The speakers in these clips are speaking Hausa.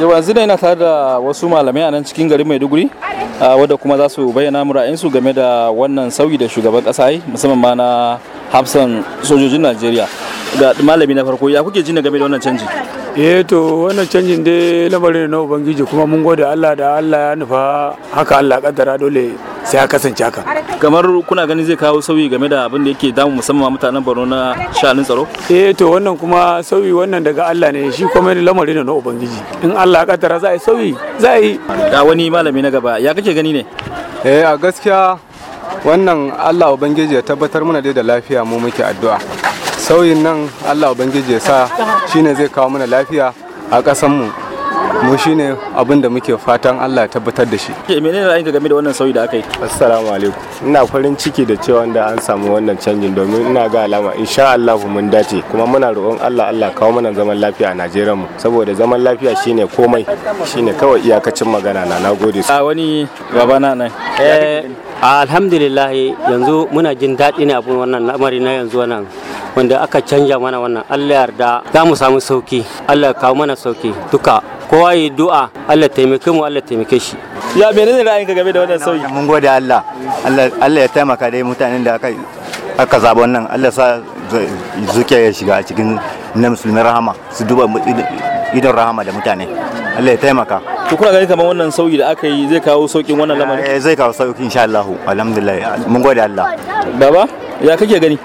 yau yanzu da tare da wasu malamai a nan cikin garin maiduguri wadda kuma za su bayyana mura'insu game da wannan sauyi da shugaban ƙasa musamman ma na hafsan sojojin najeriya ga malami na farko ya kuke jina game da wannan canji eh to wannan canjin dai lamarin na ubangiji kuma mun gode Allah da Allah ya nufa haka Allah kaddara dole sai ya kasance haka kamar kuna ganin zai kawo sauyi game da abin da yake damu musamman mutanen Borno na shanin tsaro eh to wannan kuma sauyi wannan daga Allah ne shi kuma lamarin na ubangiji in Allah ya kaddara za a yi sauyi za a yi ga wani malami na gaba ya kake gani ne eh a gaskiya wannan Allah ubangiji ya tabbatar mana dai da lafiya mu muke addu'a sauyin nan allah ubangiji ya sa shine zai kawo mana lafiya a ƙasanmu mu shine abin da muke fatan allah ya tabbatar da shi ke menene ra'ayinka game da wannan sauyi da aka yi assalamu alaikum ina farin ciki da cewa da an samu wannan canjin domin ina ga alama insha allah mun dace kuma muna roƙon allah allah kawo mana zaman lafiya a najeriya mu saboda zaman lafiya shine komai shine kawai iyakacin magana na nagode a wani babana nan alhamdulillahi yanzu muna jin daɗi ne abun wannan lamari na yanzu wannan wanda aka canja mana wannan allah yarda za mu samu sauki allah kawo mana sauki duka kowa yi du'a allah taimake mu allah taimake shi ya menene ra'ayinka game da wannan sauyi mun gode allah allah ya taimaka dai mutanen da aka aka zaba wannan allah sa zuke ya shiga a cikin na musulmin rahama su duba idan rahama da mutane allah ya taimaka to kuna ganin kamar wannan sauyi da aka yi zai kawo saukin wannan lamarin eh zai kawo sauki insha Allah alhamdulillah mun gode Allah baba ya kake gani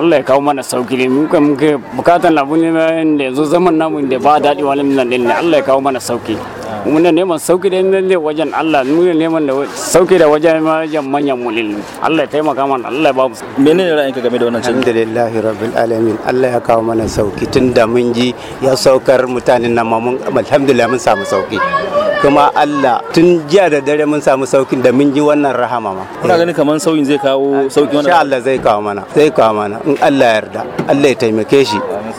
Allah ya kawo mana sauki ne mun kai bukatan labu ne da yanzu zaman namu da ba daɗi wani nan ne Allah ya kawo mana sauki muna neman sauki da ne wajen Allah muna neman da sauki da wajen wajen manyan mulil Allah ya taimaka mana Allah ya ba mu menene ra'ayinka game da wannan canji alhamdulillahi rabbil alamin Allah ya kawo mana sauki tun da mun ji ya saukar mutanen nan ma mun alhamdulillah mun samu sauki kuma Allah tun jiya da dare mun samu saukin da mun ji wannan rahama ma. Kuna gani kaman sauyin zai kawo sauki wannan? Insha Allah zai kawo mana, zai kawo mana in Allah ya yarda, Allah ya taimake shi.